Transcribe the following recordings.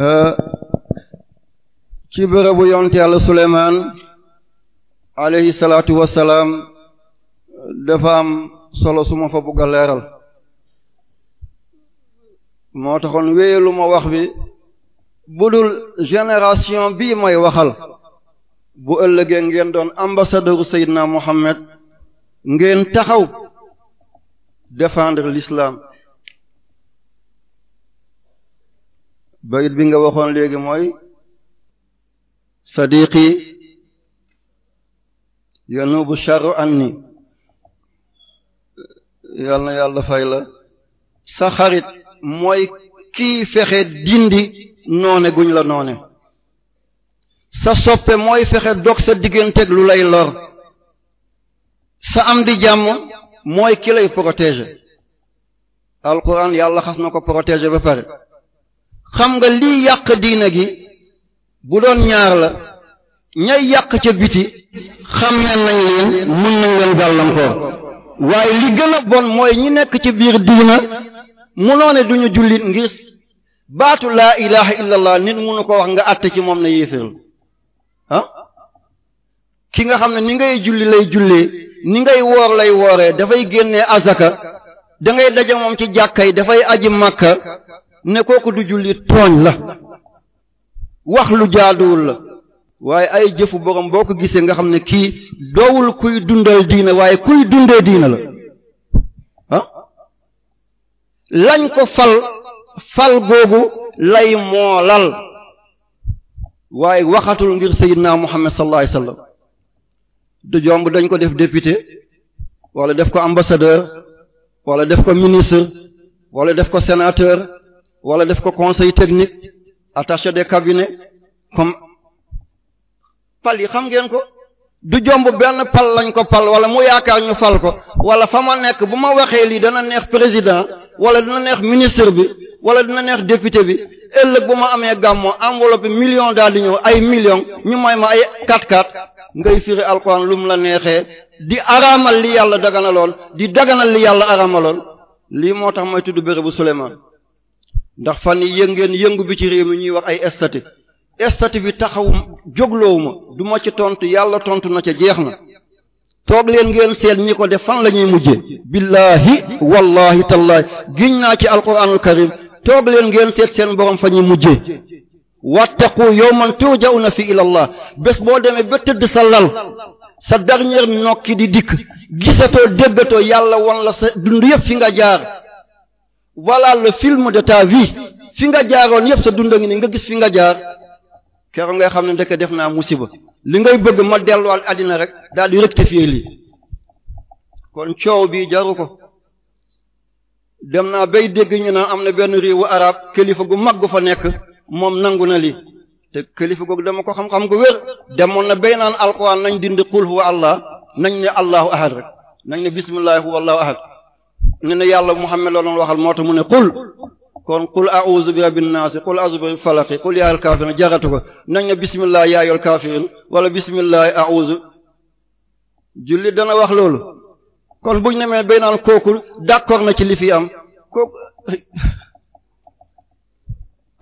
Euh, ci bërëbu yonte yàlla Suleymaan alayhi salaatu dafa am solo suma ma fa bëgg a leeral moo taxoon wéye wax bi budul génération bii may waxal bu ëllëgee ngeen doon ambassadeur Seydina Mohamed ngeen taxaw defendre lislaam bayit bi nga waxoon léegi mooy sadiqi yanubu sharru anni yal na yàlla fay la sa xarit mooy kii fexe dindi noone guñ la noone sa soppe mooy fexe dog sa digganteeg lu lay lor sa am di jàmm mooy ki lay protéger alquran yàlla xas na ko protéger ba pare xam nga lii yàq diina gi bu doon ñaar la ñay yàq ca biti xammee nañ leen mën nañ leen gàllankoor waaye li gën a bon mooy ñi nekk ci biir diina munoo ne duñu jullit ngir baatu laa ilaha illallah nit munu ko wax nga àtte ci moom ne yéeféerlu ah? ki nga xam ne ni ngay julli lay jullee ni ngay woor lay wooree dafay génnee azaka da daje moom ci jàkka yi dafay aji màkka ne kooku du jullit tooñ la wax lu jaaduwul la waaye ay jëfu borom boo ko gisee nga xam ne kii dowul kuy dundal diina waaye kuy dundee diina la ah lañ ko fal fal googu lay moolal waaye waxatul ngir sayyidna Muhammad sallallahu alayhi wasallam du jomb dañ ko def député wala def ko ambassadeur wala def ko ministre wala def ko sénateur wala def ko conseil technique attaché des cabinets comme pal yi xam ngeen ko du jomb benn pal lañ ko pal wala mu yaakaar ñu fal ko wala fa ma nekk bu ma waxee lii dana neex président wala dina neex ministre bi wala dana neex député bi ëllëg bu ma amee gàmmoo enveloppe million daal di ñëw ay million ñu may ma ay 4-4 ngay firi alxuraan lu mu la neexee di araamal li yàlla daganaloon di daganal li yàlla araamaloon lii moo tax may tudd bérébu Souleymane ndax fan yi ngeen yëngu bi ci réew mi ñuy wax ay estati estati bi taxawuma jógloowu ma du ma ci tontu yàlla tontu na ca jeex na toog leen ngeen seet ñi ko def fan la ñuy mujjee. billahi wallahi tallahi giñ naa ci alquranul karim toog leen ngeen seet seen borom fa ñuy mujjee wattaqu yawman na fi ilallah bés boo demee ba tëdd sa lal sa dernier nokki di dikk gisatoo déggatoo yàlla won la sa dund yëpp fi nga jaar. voilà le film de ta vie fi nga jaaroon yëpp sa dund ngi ni nga gis fi nga jaar keroog ngay xam ne ndeke def naa musiba li ngay bëgg ma delluwaat àddina rek daal di rectifier lii kon coow bi jaru ko dem naa bay dégg ñu naan am na benn réewu arab kilifa gu mag gu fa nekk moom nangu na lii te kilifa googu dama ko xam-xam gu wér demoon na bay naan alquran nañ dindi qul huwa allah nañ ne allahu ahad rek nañ ne bismillahi huwa allahu ahad ne na yàlla Muhammad la doon waxal moo tax mu ne qul kon qul a'udhu bi rabbin nas qul a'udhu bi falaq qul yaa al jaratu ko nañ ne bismillah yaa ayyul kaafiriin wala bismillah a'udhu julli dana wax loolu kon buñ nemee bay naan kooku d'accord na ci li fi am kooku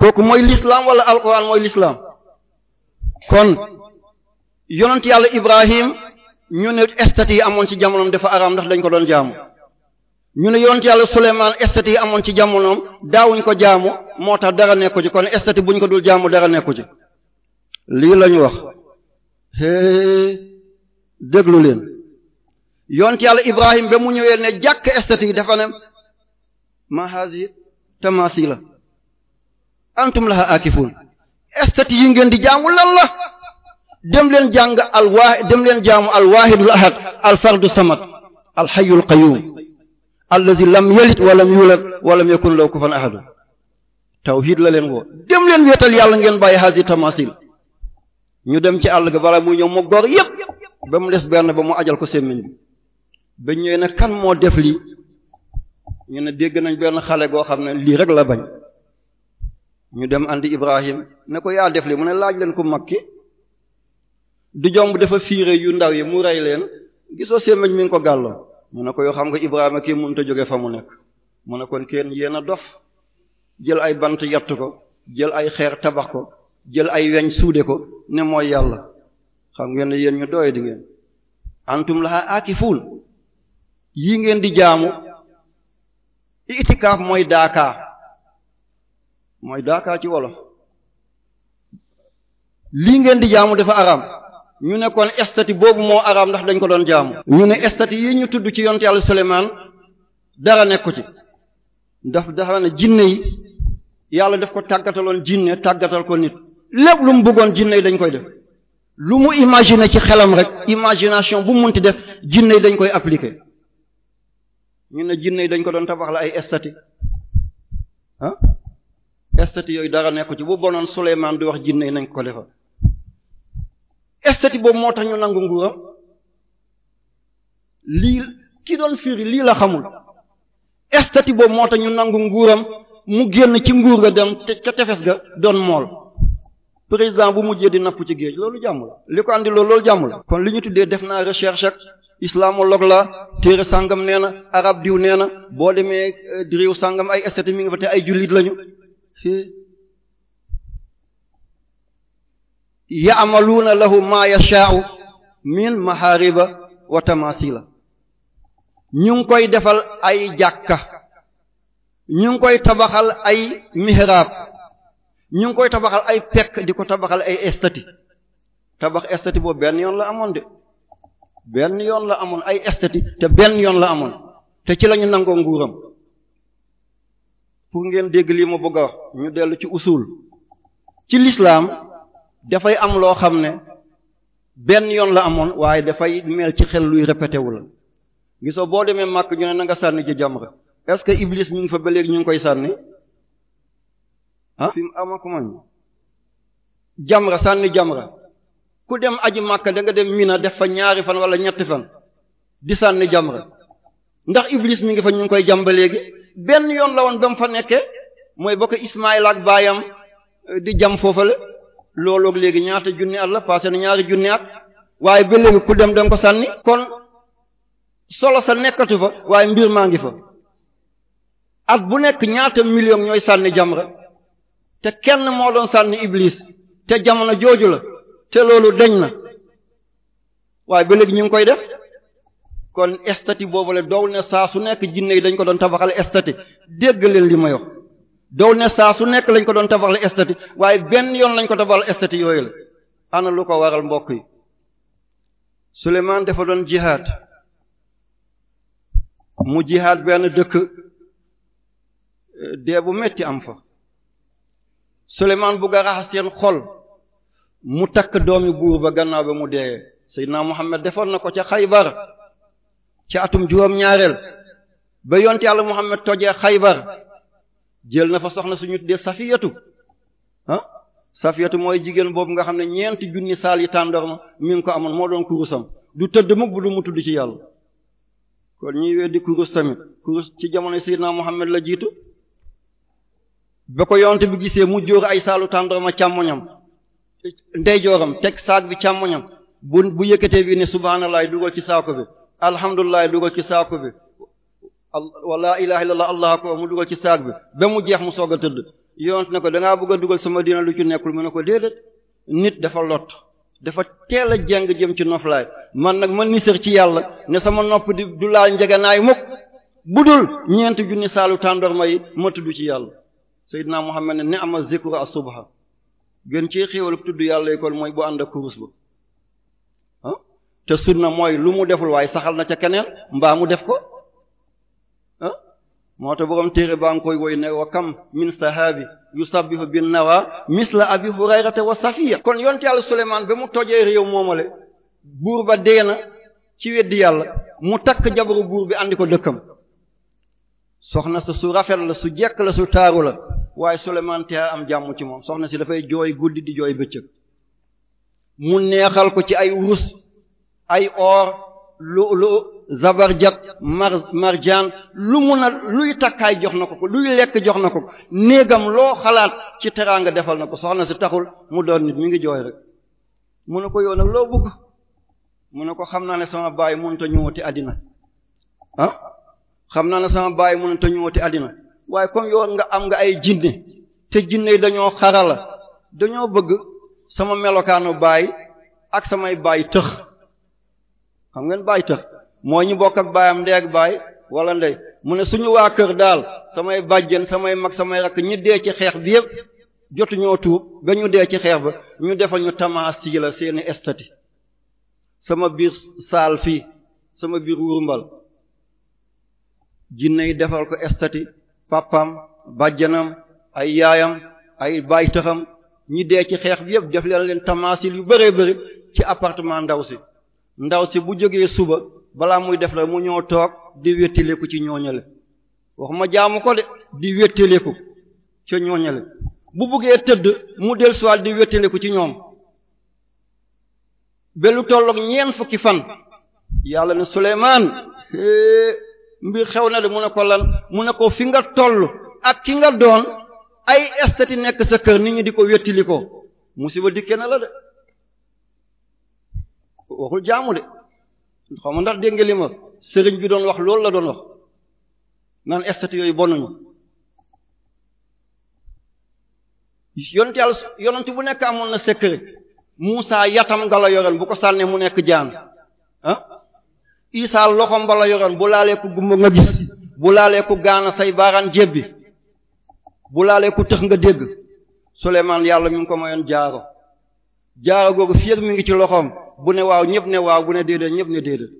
kooku mooy l'islam wala alquran mooy l'islam kon yonent yàlla Ibrahim ñu ne statue yi amoon ci jamonoom dafa araam ndax dañ ko doon jaamu ñu ne yonent yàlla Souleymane estati yi amoon ci jamonoom daawuñu ko jaamu moo tax dara nekku ci kon estati buñu ko dul jaamu dara nekku ci lii lañu wax hee déglu leen yonent yàlla Ibrahim ba mu ñëwee ne jàkk estati yi dafa ne mahazi tamasila antum laha akifun estati yi ngeen di jaamu lan la dem leen jàng al waa dem leen jaamu al waahidul ahad al fardu samad al hayyul qayyum allazi lam yalid wa lam yulad wa lam yakun lahu kufuwan ahad tawhid la leen woo dem leen wéetal yàlla ngeen bàyyi haasi tamasil ñu dem ci àll gi bala muy ñëw mu gor yépp ba mu des benn ba mu ajal ko semmiñ bi ba ñëwee ne kan moo def lii ñu ne dégg nañ benn xale goo xam ne lii rek la bañ ñu dem andi Ibrahim ne ko yaa def lii mu ne laaj leen ko mag ki du jomb dafa fiire yu ndaw yi mu rey leen gisoo semmiñ mi ngi ko gàlloo mu ne ko yoo xam nga Ibrahima kii mënut a jóge fa mu nekk mu ne kon kenn yéen a dof jël ay bant yatt ko jël ay xeer tabax ko jël ay weñ suude ko ne mooy yàlla xam ngeen ne yéen ñu dooye di ngeen antum laha aakifuun yii ngeen di jaamu itikaaf mooy daakaa mooy daakaa ci wolo lii ngeen di jaamu dafa araam ñu ne kon statue boobu moo araam ndax dañ ko doon jaamu ñu ne statue yi ñu tudd ci yonte yàlla Suleymaan dara nekku ci daf dafa ne jinne yi yàlla def ko tàggataloon jinne tàggatal ko nit lépp lu mu bëggoon jinne yi dañ koy def lu mu imaginer ci xelam rek imagination bu munti def jinne yi dañ koy appliquer ñu ne jinne yi dañ ko doon tabax la ay statue ah statue yooyu dara nekku ci bu bonoon Suleymaan di wax jinne yi nañ ko defal esthétique boobu moo tax ñu nangu nguuram lii ki doon firi lii la xamul esthétique boobu moo tax ñu nangu nguuram mu génn ci nguur ga dem te ca tefes ga doon mool président bu mujjee di napp ci géej loolu jàmm li ko àndi loolu loolu jàmm kon li ñu tuddee def naa recherche ak islamologue la téere sangam nee na arab diw nee na boo demee euh, diriw sangam ay esthétique mi ngi fa te ay jullit lañu ya'maluuna lahu maa yashaa'u min mahariba wa la ñu ngi koy defal ay jàkka ñu ngi koy tabaxal ay mihrab ñu ngi koy tabaxal ay pekk di ko tabaxal ay estati tabax estati boobu benn yoon la amoon de benn yoon la amoon ay estati te benn yoon la amoon te ci lañu nangoo nguuram pour ngeen dégg lii ma bëgg a ñu dellu ci usul ci lislaam dafay am loo xam ne benn yoon la amoon waaye dafay mel ci xel luy répété wu la gisoo boo demee màkk ñu ne na nga sànni ci jamra est-ce que Iblis ñu ngi fa ba léegi ñu koy sànni ah fi mu amakumañ jamra sànni ku dem aji màkk da nga dem mina def fa ñaari fan wala ñett fan di sànni jamra ndax Iblis mi ngi fa ñu ngi koy jam ba léegi benn yoon la woon ba mu fa nekkee mooy bokk Ismaïl ak baayam eh, di jam foofale looloog léegi ñaata junni at la passé ni ñaari junni at waaye ba léegi ku dem danga ko sànni kon solo sa nekkatu fa waaye mbir maa ngi fa at bu nekk ñaata million ñooy sànni jamra te kenn moo doon sànni iblis te jamono jooju la te loolu deñ na waaye ba léegi ñu ngi koy def kon estati boobu la dow ne saa su nekk jinne yi dañ ko doon tabaxal estati dégg leen li ma yo doow ne saa su nekk lañ ko doon tabaxal estati waaye benn yoon lañ ko tabaxal estati yooyu la ana lu ko waral mbokk yi Souleymane dafa doon jihaad mu jihaad benn dëkk eh, dee bu metti am fa Souleymane bugg a raxas seen xol mu takk doomi buur ba gannaaw ba mu dee Seydina Muhammad defoon na ko ca Xaybar ci atum juróom ñaareel ba yonte Yàlla Muhammad tojee Xaybar jël na fa soxna suñu tuddee safiyatu ah safiyatu mooy jigéen boobu nga xam ne ñeenti junni saal yi tàndorma mi ngi ko amoon moo doon kurusam du tëdd mukk bu du mu tudd ci yàlla kon ñuy di kurus tamit kurus ci jamono sayyidina Muhammad la jiitu ba ko yonte bu gisee mu jóor ay saalu ma càmmoñam ndeyjooram teg saag bi càmmoñam bu bu yëkkatee bi ne subhaanallahi dugal ci saako bi alhamdulillahi dugal ci saako bi wala ilaha illallah allahu akbar mu dugal ci saag bi ba mu jeex mu sog a tëdd yonent ne ko da bëgg a dugal sama diina lu ci nekkul mu ne ko déedéet nit dafa lot dafa teel a jàng jëm ci noflaay man nag man nisër ci yàlla ne sama nopp di du laal njeganaay mukk budul ñeent junni saalu tàndorma yi ma tudd ci yàlla Seydina Muhammad ne ni ama zikru as-subha gën ci xéwal tudd yàlla yi kon mooy bu ànd ak kurus ba ah te sunna mooy lu mu deful waaye saxal na ca keneen mbaa mu def ko moo te borom téere baa ngi koy woy ne wa kam min sahaabi yusabbihu bin nawa misla abi hurayrata wa safiya kon yonte yàlla suleymaan ba mu tojee réew moomale buur ba dee na ci weddi yàlla mu takk jabaru buur bi andi ko dëkkam soxna sa su rafet la su jekk la su taaru la waaye suleymaan te am jàmm ci moom soxna si dafay jooy guddi di jooy bëccëg mu neexal ko ci ay wurus ay or lu lu zabarjat mar marjaan lu mun a luy takkaay jox na ko ko luy lekk jox na ko ko néegam loo xalaat ci teraanga defal na ko soxna si taxul mu doon nit mi ngi jooy rek mu ne ko yoon nag loo bëgg mu ne ko xam naa ne sama baay mënut a ñëwati àddina ah xam naa ne sama baay mënut a ñëwati àddina waaye comme yow nga am nga ay jinne te jinne yi dañoo xarala dañoo bëgg sama melokaanu baay ak samay baay tëx xam ngeen baay tëx moo ñu bokk ak baayam ndey ak baay wala ndey mu ne suñu waa kër daal samay bàjjen samay mag samay rakk ñi dee ci xeex bi yëpp jotu ñoo tuub ba ñu dee ci xeex ba ñu defal ñu tamaas ci la seeni sama biir saal fii sama biir wurmbal jinne yi defal ko estati papam bàjjanam ay yaayam ay baytaxam ñi dee ci xeex bi yëpp def leen leen tamaasil yu bëree bëri ci appartement ndaw si ndaw si bu jógee suba balaa muy def la mu ñëw toog di wéttaleku ci ñooñale waxuma jaamu ko de di wéttaleku ca ñooñale bu buggee tëdd mu del soit di wéttaleku ci ñoom belu tollook ñeen fukki fan yàlla ne Suleymaan mbir xew na de mu ne ko lan mu ne ko fi nga toll ak ki nga doon ay estati nekk sa kër nit ñi di ko wéttali ko musiba dikkee na la de waxul jaamu de xaw ma ndax dégg nga li ma sëriñ bi doon wax loolu la doon wax naan estati yooyu bonuñu yonent yàlla yonent bu nekk amoon na secret Muusa yatam nga la yoroon bu ko sànnee mu nekk jaan ah Isa loxom ba la yoroon bu laalee ku gumba nga gis bu laalee ku gaana say baaraan bi bu laalee ku tëx nga dégg Souleymane yàlla ñu ngi ko mayoon jaaro jaaro googu fiir mi ngi ci loxoom bu ne waaw ñëpp ne waaw bu ne déedéet ñëpp ne déedéet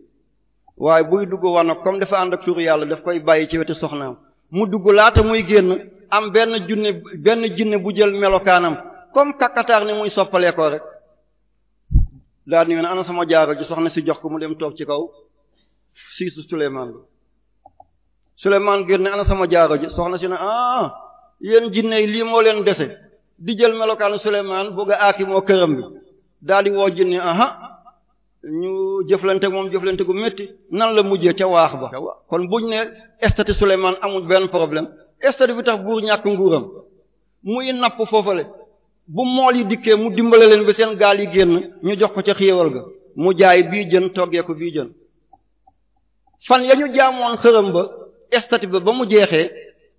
waaye buy dugg wanag comme dafa ànd ak turu yàlla daf koy bàyyi ci wetu soxnaam mu dugg laata muy génn am benn junne jinne bu jël melokaanam comme kakataar ni muy soppalee ko rek daal di ana sama jaaro ji soxna si jox ko mu dem toog ci kaw siisu Souleymane Souleymane génn ana sama jaaro ji soxna si ne ah yéen jinne yi lii moo leen dese di jël melokaanu Souleymane bëgg a aaki moo këram bi daal di woo jinne aha ñu jëflante moom jëflante gu metti nan la mujjee ca waax ba kon buñ ne statut Souleymane amul benn problème statut bi tax buur ñàkk nguuram muy napp foofale bu mool yi dikkee mu dimbale leen ba seen gaal yi génn ñu jox ko ca xéewal ga mu jaay bii jën toggee ko bii jën fan ya ñu jaamoon xërëm ba statut ba ba mu jeexee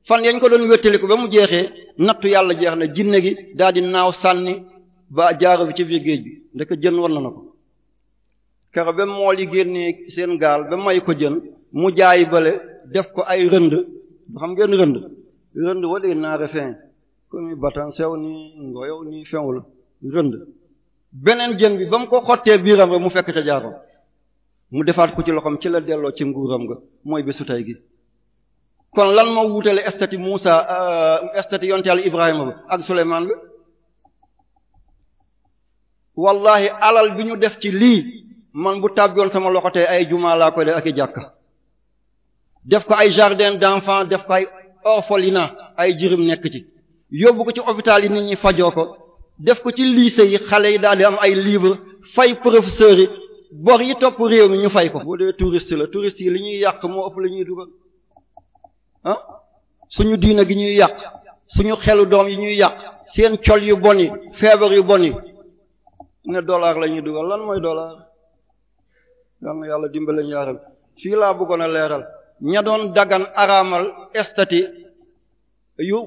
fan yañ ko doon ko ba mu jeexee nattu yàlla jeex na jinne gi daal di naaw sànni ba jaaro bi ci bi géej bi ndeke jën walla na ko kero ba mool yi génnee seen gaal ba may ko jën mu jaay bale def ko ay rënd xam ngeen rënd rënd wala naare fin comme batan ni ngoyow ni fenwul rënd beneen jën bi ba mu ko xottee biiram rek mu fekk ca jaaroom mu defaat ko ci loxoom ci la delloo ci nguuram ga mooy bésu tey gi kon lan moo wutale estati Muusa estati euh, yonte Yàlla Ibrahima ba ak Suleymaan bi wallahi alal bi ñu def ci lii man bu tàbbiwoon sama loxo ay jumaa laa koy def ak i jàkka def ko ay jardin d'enfants def ko ay orphelinat ay jirim nekk ci yóbbu ko ci hôpital yi nit ñi fajoo ko def ko ci lycée yi xale yi daal di am ay livres fay professeurs yi bor yi topp réew mi ñu fay ko. bu dee touriste la touriste yi li ñuy yàq moo ëpp li ñuy dugal ah suñu diina gi ñuy yàq suñu xelu doom yi ñuy yàq seen col yu bon yi feebar yu bon yi mu ne dollar la ñuy dugal lan mooy dollar yal na yàlla dimbale ñaaram fii laa bëggoon a leeral ña doon dagan araamal estati yu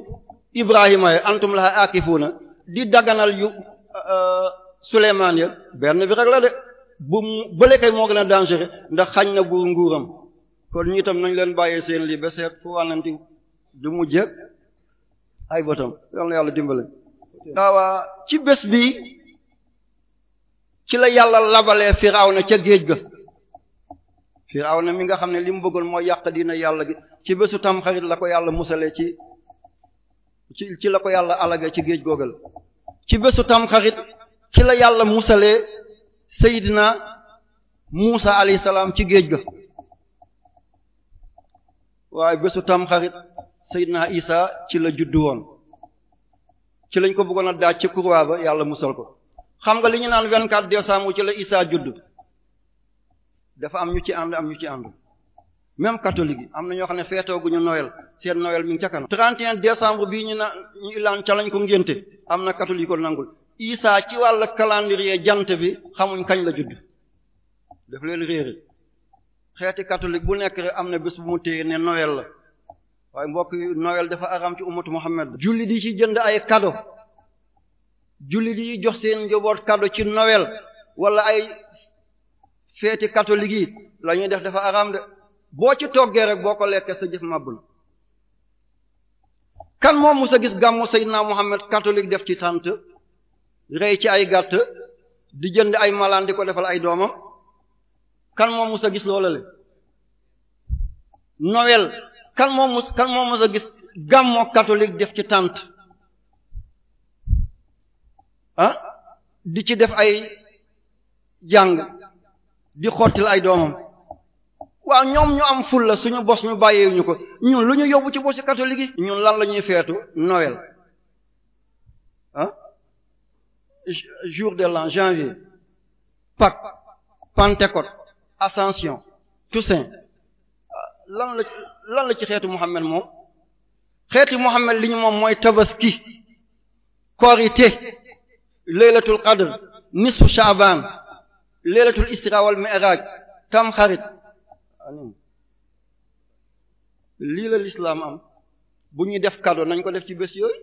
ibrahima ya antum laha akifuna di dagganal yu euh, suleymaan ya benn bi rek la de bu bële kay moo gën a dangereux ndax xañ na buur nguuram kon ñi tam nañ leen bàyyee seen lii ba seet fu wànnanti du mu jëkk ay bëtam yàlla dimbale waawaa ci bés bi ci la yàlla labalee firawna ca géej ga firawna mi nga xam ne li mu bëggoon moo yàq diina yàlla gi ci bésu tamxarit la ko yàlla musalee ci ci ci la yàlla alage ci géej googal ci bésu tamxarit ci yàlla musalee Seydina Muusa alayhi salaam ci géej ga waaye bésu tamxarit Seydina Isa ci la juddu woon ci lañ ko buggoon a daaj ci kurwa ba yàlla musal ko xam nga li ñu naan 24 décembre ci la Isa judd dafa am ñu ci ànd am ñu ci ànd même yi am na ñoo xam ne feetooguñu Noël seen Noël mi ngi ca kanam. 31 décembre bii ñu naan ñu ilaan ca lañ ko ngénte am na catholique ko nangul Isa ci wàllu calendrier jant bi xamuñ kañ la judd daf leen réeré xeeti catholique bu nekk rek am na bés bu mu ne Noël la waaye mbokk yi Noël dafa aram ci ummatu Muhammad julli di ci jënd ay cadeau. jullit yi jox seen njaboot cadeau ci Noël wala ay feeti catholique yi la def dafa araam de boo ci toggee rek boo ko lekkee sa def màbb la kan moom musa gis gàmmu Seydina Muhammad catholique def ci tant rey ci ay gàtt di jënd ay malaan di ko defal ay doomam kan moom musa gis loola le Noël kan moom mus kan moom musa gis gàmmoo catholique def ci tant ah di ci def ay jàng di xottil ay doomam waaw ñoom ñu am ful la suñu bos ñu bàyyee ñu ko ñun lu ñu yóbbu ci bosi catholique yi ñun lan la ñuy feetu Noël ah jour de l'an janvier Pâques Pentecôte Ascension Toussaint ah, lan la lan la ci xeetu Muhammad moom xeeti Muhammad li ñu moom mooy tabaski korité laylatul qadr nisfu sha'ban laylatul isra wal mi'raj tam xarit lii la lislaam am bu ñuy def cadeau nañ ko def ci bés yooyu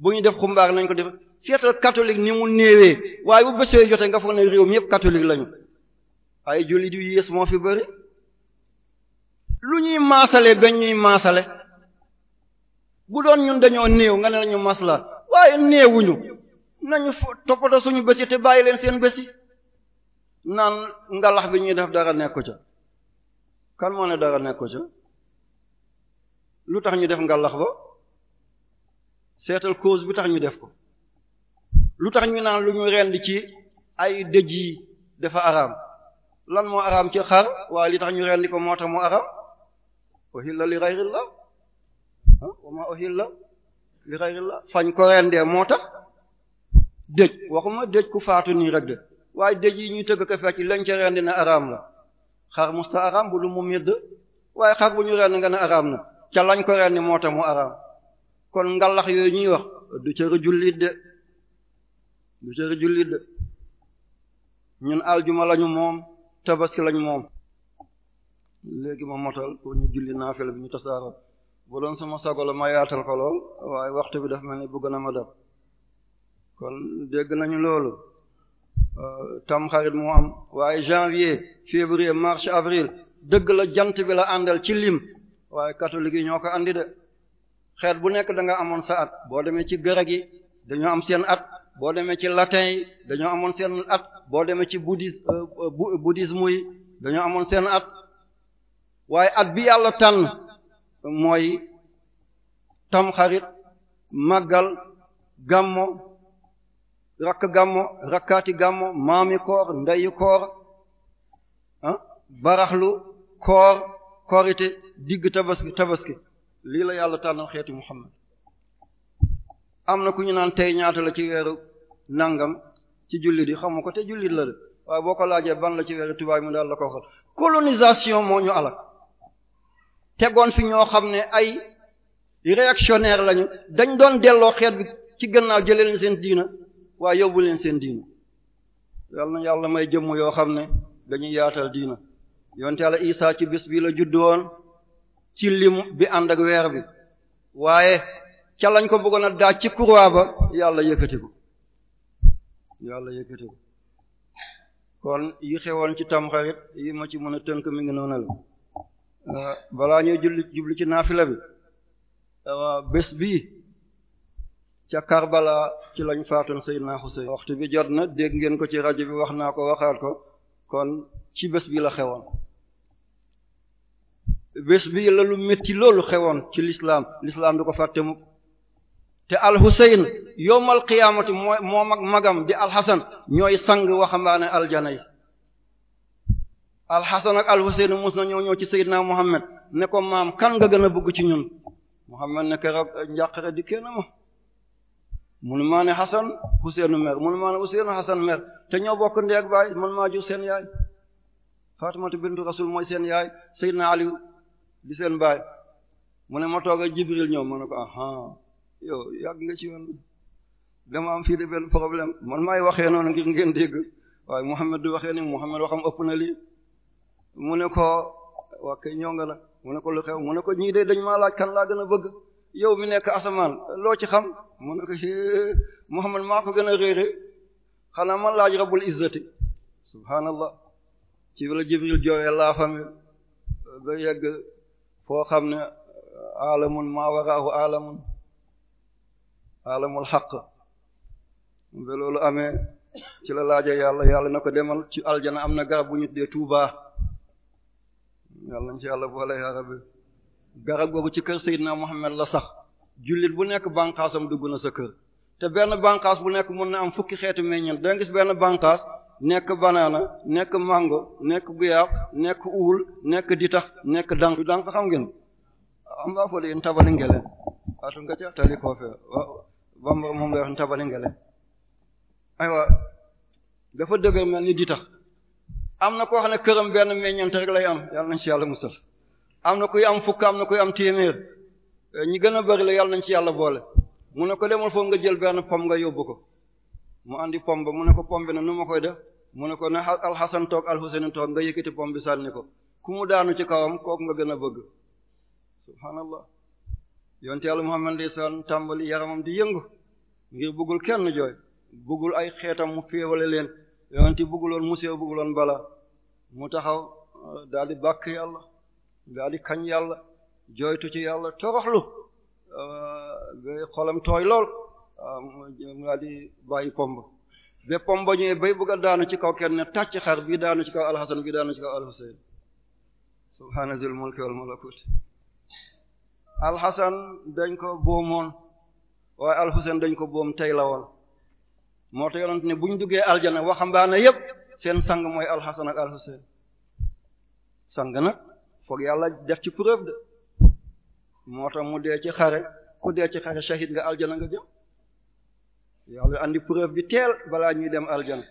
bu ñuy def xumbaar nañ ko def seetal katolik ni mu néewee waaye bu bés yooyu jotee nga foog ne réew mi yëpp catholique lañu ay jullit yu yées moo fi bëri lu ñuy maasale bañ ñuy maasale bu doon ñun dañoo néew nga ne lañu masla waaye néewuñu nañu toppatoo suñu bési te bàyyi leen seen bési naan ngalax bi ñuy def dara nekku ca kan moo ne dara nekku ca lu tax ñu def ngalax ba seetal cause bi tax ñu def ko lu tax ñu naan lu ñu rend ci ay dëj yi dafa araam lan moo araam ci xar waaye li tax ñu rendi ko moo tax mu araam uhilla la ghayrillah ah, wa ma uhilla li ghayrillah fañ ko rendee moo tax dëj waxuma dëj ku faatu nii rek de waaye dëj yi ñuy tëgg ko fecc lañ ca rendi na araam la xar musta araam bu lu mu midd waaye xar bu ñu rend nga ne araam na ca lañ ko rendi moo tax mu araam kon ngalax yooyu ñuy wax du cër jullit de du cëru jullit de ñun aljuma lañu moom tabaski lañu moom léegi ma motal pour ñu naa naafila bu ñu tasaaroo bu doon sama sago la ma yaatal ko waaye waxtu bi dafa mel ni bugg na ma dab kon dégg nañu loolu euh, tam xarit moo am waaye janvier février mars avril dëgg la jant bi la àndal ci lim waaye catholique yi ñoo ko andi de xeet bu nekk da nga amoon sa at boo demee ci grec yi dañoo am seen at boo demee ci latin yi dañoo amoon seen at boo demee ci bouddhis euh, bouddhisme dañoo amoon seen at waaye at bi yàlla tànn mooy tam xarit màggal gammo rakk gàmmo rakkaati gàmmo maami koor ndeyu koor ah, baraxlu koor korite digg tabaski tabaski lii la yàlla tànnal xeeti Muhammad am na ku ñu naan tey ñaata la ci weeru nangam ci jullit yi xamu ko te jullit la de waaye boo ko laajee ban la ci weeru tubaab mu daal la ko waxal colonisation moo ñu alak tegoon fi ñoo xam ne ay réactionnaire lañu dañ doon delloo xeet bi ci gannaaw jëlee leen seen diina waa yóbbu leen seen diina yal na yàlla may jëmm yoo xam ne dañuy yaatal diina yonte yàlla Isa ci bés bii la judd woon ci lim bi ànd ak weer bi waaye ca lañ ko bëggoon a daaj ci croix ba yàlla yëkkati ko yàlla yëkkati kon yi xewoon ci tamxarit yi ma ci mën a tënk mi ngi noonu la balaa ñuy jubli ci naafila bi bés bii ca Karbala ci lañ faatoon Seydina Xuseyn waxtu bi jot na dégg ngeen ko ci rajo bi wax naa ko waxaat ko kon ci bés bi la xewoon bés bi la lu métti loolu xewoon ci lislaam lislaam du ko fàtte mukk te al Xuseyn yowmal qiyaamati mooy magam di alxasan ñooy sang waxambaane aljana yi alxasan ak al mus na ñoo ñëw ci Seydina Muhammad ne ko maam kan nga gën a bëgg ci ñun Muhammad ne keroog njàqare di kenn ma munu maa ne Xasan Ousseynou mer munu maa ne Ousseynou mer te ñoo bokk ndeeg baay munu maa jur seen yaay Fatimatu bintu Rasul mooy seen yaay Seydina Ali di seen baay mu ne ma toog a Jibril ñëw ma ne ko aha yow yàgg nga ci yoon dama am de benn problème man maay waxee noonu ngir ngeen dégg waaye Muhammad du waxee ni Muhammad waxam ëpp na lii mu ne ko waa nga nag mu ne ko lu xew mu ko ñii de dañ maa laaj kan laa gën a bëgg yow mi nekk asamaan loo ci xam mu ne ko Muhammad maa gën a réere xanaa man laaj rabbul izzati subhaanallah ci la Jibril jooye laa fami ba yegg foo xam ne alamun maa waraahu alamun alamul xaq ba loolu amee ci la laaja yàlla yàlla na ko demal ci aljana am na garab bu ñu tuddee Tuubaa yàlla na ci yàlla boole yaa rabbi garab googu ci kër Seydina Muhammad la sax jullit bu nekk banqaasam dugg na sa kër te benn banqaas bu nekk mën na am fukki xeetu meññeent da nga benn banqaas nekk banaana nekk mango nekk guyaab nekk uul nekk ditax nekk danq danq xam ngeen am baa fo li ntabali ngele mel ni ditax am na koo xam ne këram benn meññeent rek lay am yàlla nañ ci yàlla musal am na kuy am fukk am na kuy am téeméer eh, ñi gën a bëri la yàlla nañ ci yàlla boole mu ne ko demal foog nga jël benn pom nga yóbbu ko mu andi pom ba mu ne ko pom bi na nu ma koy def mu ne ko na alxasan toog alxuseyn toog nga yëkkati pom bi sànni ko ku mu daanu ci kawam kooku nga gën a bëgg subhaanallah yonte yàlla Muhammad ndeysaan tàmbali yaramam di yëngu ngir bëggul kenn jooy bëggul ay xeetam mu féewale leen yonte bëgguloon musiba bëgguloon bala mu taxaw eh, daal di bàkk yàlla daal di kañ yàlla jooytu ci yàlla toroxlu ba euh, xolam tooy lool mu daal di bàyyi pomba ba pomba ñëwee bay bëgg a daanu ci kaw kenn ne tàcc xar bi daanu ci kaw alxasan bi daanu ci kaw alxuseyn subhaana zil mulki dañ ko boomoon waaye alxuseyn dañ ko boom tey la woon moo tax yonent ne bu ñu duggee aljana waxambaane yépp seen sang mooy alxasan ak sang nag foog yàlla def ci preuve de moo tax mu dee ci xare ku dee ci xare shahid nga aljana nga jëm yàlla andi preuve bi teel balaa ñuy dem aljana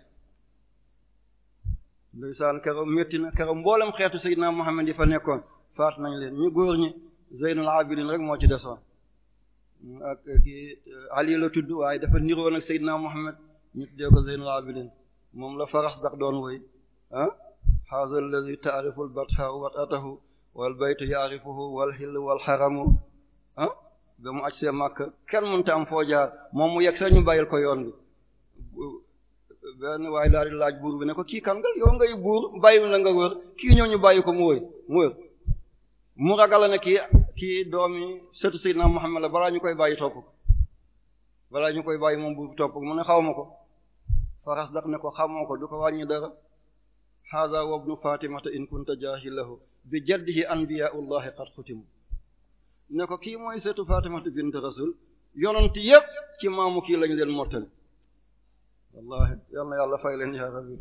ndeysaan keroog metti na keroog mboolem xeetu Seydina Muhammad yi fa nekkoon faat nañ leen ñu góor ñi Zeynul Abidin rek moo ci desoon ak kii Ali la tudd waaye dafa niroon ak Seydina Muhammad ñu tuddee ko Zeynul Abidin moom la faras dax doon woy ah haza allazi ta'rifu al-batha wal baytu yaarifuhu wal xill wal xaramu ah ba mu aj see màkk kenn mënta am foo jaar moom mu yegg sax ñu bàyyil ko yoon bi benn waay daal di laaj buur bi ne ko kii kan nga yow ngay buur bàyyiwul na nga wër kii ñëw ñu bàyyi ko mu wër mu wër mu ragal kii kii doomi sëtu Seydina Muhammad la balaa ñu koy bàyyi topp ko balaa ñu koy bàyyi moom buur bi mu ne xaw ma ko faras dak ne ko xamoo ko du ko wàññi dara haza wabnu fatimata in kunta jahilahu bi jaddihi anbiyaullahi qad xutimu ne ko kii mooy seetu fatimatu bint rasul yonent yépp ci maamu kii lañu leen mortale wallahi yal na yàlla fay leen ya rabbi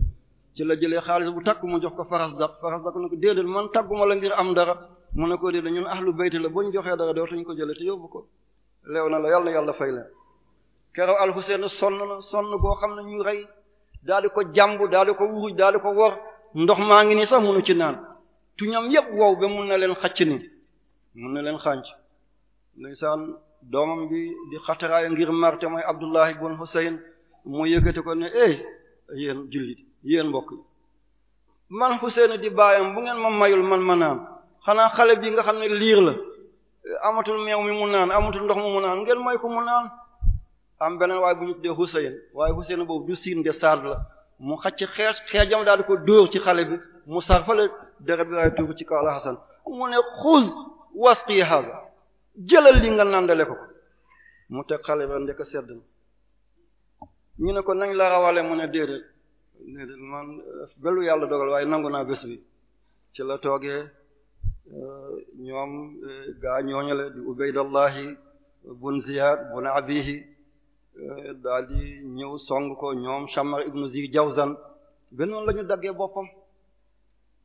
ci la jëlee xaalis bu takk mu jox ko Farasdak Farasdak ne ko déedéet man tagguma la ngir am dara mu ne ko déedéet ñun ahlu bayt la bu ñu joxee dara dootuñ ko jëlee te yóbbu ko leew na la yal na yàlla fay leen keroog alxuseyn sonn na sonn boo xam ne ñu rey daal ko jàmb daal ko wuruj daal ko wor ndox maa ngi nii sax ci naan tuñam yépp wow ba mun na leen xacc ni mun na leen xànc ndeysaan doomam bi di xataraayo ngir marte mooy Abdullah ibn Husayn mu yëkkati ko ne eh yéen jullit yéen mbokk yi man Husayn di baayam bu ngeen ma mayul man ma naan xanaa xale bi nga xam ne liir la amatul meew mi mu naan amatul ndox mi mu naan ngeen may ko mu naan am beneen waaye bu ñu tuddee Husayn waaye Husayn boobu du siin de saad la mu xacc xeej xeejam daal ko dóor ci xale bi mu sarfale deret bi waaye tuuru ci kaw alxasan mu ne xuz wasqi haza jëlal li nga nandale ko mu teg xale ba ndek sedd na ne ko nañ la rawale mu ne euh, belu yàlla dogal waaye nangu naa bés bi ci la toogee euh, ñoom euh, gaa ñooñale di ubaydallahi bun ziyad bun abihi daal di ñëw song ko ñoom shammar ibnu zi jawzan benoon lañu daggee boppam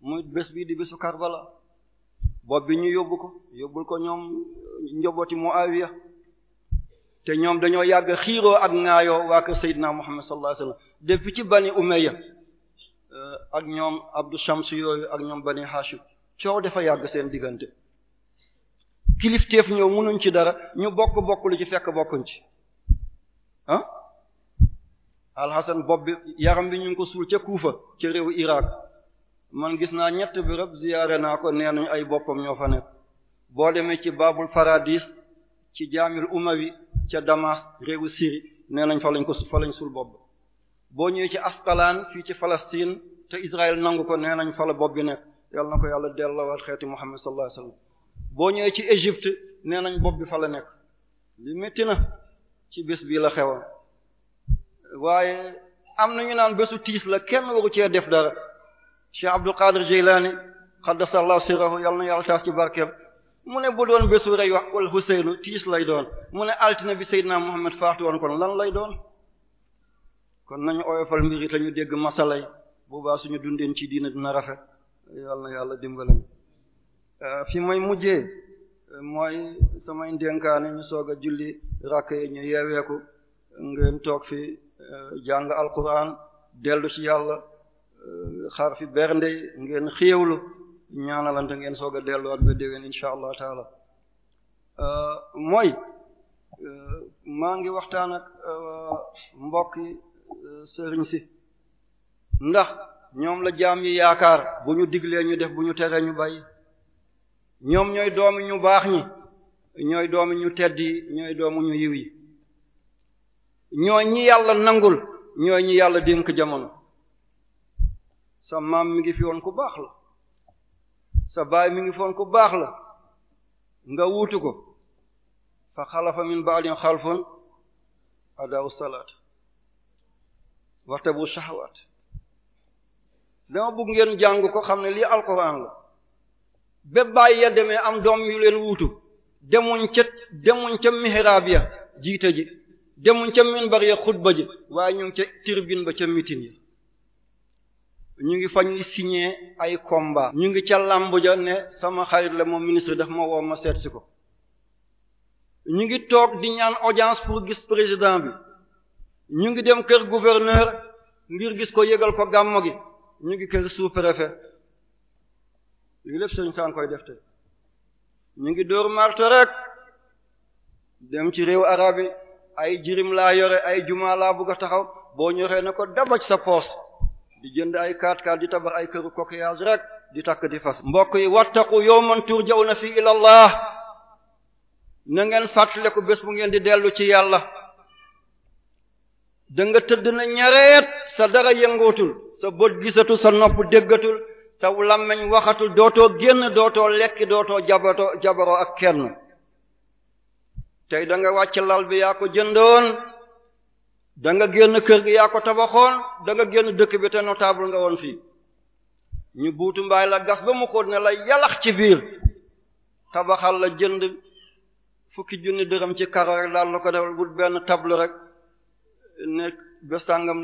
muy bés bii di bésu Karbala bopp bi ñu yóbbu ko yóbbul ko ñoom njobooti Muawiya te ñoom dañoo yàgg xiiroo ak ŋaayoo waa kër Seydina Muhammad sallallahu alayhi wasallam depuis ci bani Umayya euh, ak ñoom Abdu Shams yooyu ak ñoom bani Hashim coow dafa yàgg seen diggante kilifteef ñëw mënuñ ci dara ñu bokk bokkul ci fekk bokkuñ ci ah Al bopp bi yaram bi ñu ko suul ca Kufa ca réewu Irak man gis naa ñett bérab ziyaare naa ko nee nañu ay boppam ñoo fa nekk boo demee ci babul paradis ci jaamil umawi ca Damas réewu Syrie nee nañ fa lañ ko fa lañ sul bopp boo ñëwee ci Asqalaan fii ci Palestine te Israël nangu ko nee nañ fala la bopp bi nekk yàlla na ko yàlla delloowaat xeeti Muhammad sallallahu alayhi wasallam boo ñëwee ci Égypte nee nañ bopp bi fa nekk li métti na ci bés bii la xewoon waaye am na ñu naan bésu tiis la kenn waru cee def dara. Cheikh Abdul Qadir Jilani qaddasallahu sirrahu yal na yàlla taas ci barkeem mu ne bu doon bésu rey wax Huseynu tiis lay doon mu ne altina bi Seydina Muhammad faatu woon kon lan lay doon kon nañu oyofal mbir yi te ñu dégg masala yi suñu dundeen ci diina dina rafet yal na yàlla dimbale euh, fi may mujjee mooy samay ndénkaane ñu soog a julli rakk yi ñu yeeweeku ngeen toog fi euh, jàng alquran dellu ci yàlla xar fi bernde ngeen xéewlu ñaanalante ngeen soog a delluwaat ba déwén incha allah taala euh, mooy euh, maa ngi waxtaan ak euh, mbokki sëriñ si ndax ñoom la jaam yi yaakaar bu ñu diglee ñu def bu ñu teree ñu bay ñoom ñooy doomi ñu baax ñi ñooy doomi ñu tedd yi ñooy doomu ñu yiw yi ñooy ñi yàlla nangul ñooy ñi yàlla dénk jamono sa maam mi ngi fi woon ku baax la sa baay mi ngi fi woon ku baax la nga wuutu ko fa xalafa min ba'dihim xalfun adaa'u salaat wartabu shahwaat dama bëgg ngeen jàng ko xam ne lii alquran la ba bàyyi ya demee am doom yu leen wuutu demuñ ca demuñ ca mihrab ya jiite ji demuñ ca minbar ya xutba ji waaye ñu ngi ca tribune ba ca mitin yi ñu ngi fa ñuy signé ay combat ñu ngi ca làmb ja ne sama xarit la moom ministre daf ma woo ma seet si ko ñu ngi toog di ñaan audience pour gis président bi ñu ngi dem kër gouverneur ngir gis ko yëgal ko gàmmo gi ñu ngi kër sous-préfet li lépp sëñ saan koy def ñu ngi dóor marto rek dem ci réew arabe ay jirim laa yore ay jumaa laa bëgg a taxaw boo ñoree ne ko dabaj sa poos di jënd ay kaat kaat di tabax ay këru coquillage rek di takk di fas mbokk yi wattaqu yawman turja'una fi ila allah na ngeen fàttaleku bés bu ngeen di dellu ci yàlla da nga tëdd na ñareet sa dara yëngootul sa bët gisatul sa nopp déggatul sa làmmiñ waxatul dootoo génn dootoo lekki dootoo jabato jabaroo ak kenn tey da wàcc lal bi yaa ko jëndoon danga génn kër gi yaa ko tabaxoon da génn dëkk bi te notable nga woon fii ñu buutu mbaay la gas ba mu ko ne la yalax ci biir tabaxal la jënd fukki junni dërëm ci karo rek daal la ko defal wut benn table rek ne ba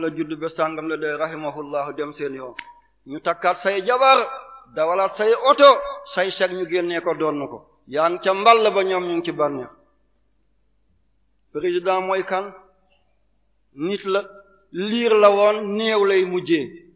la judd ba sàngam la day rahimahullahu dem seen yoon ñu takkaat say jabar dawalaat say oto say chèque ñu génnee ko doon na ko yaa ngi ca mbal ba ñoom ñu ngi ci bànneex président mooy kan nit la liir la woon néew lay mujjee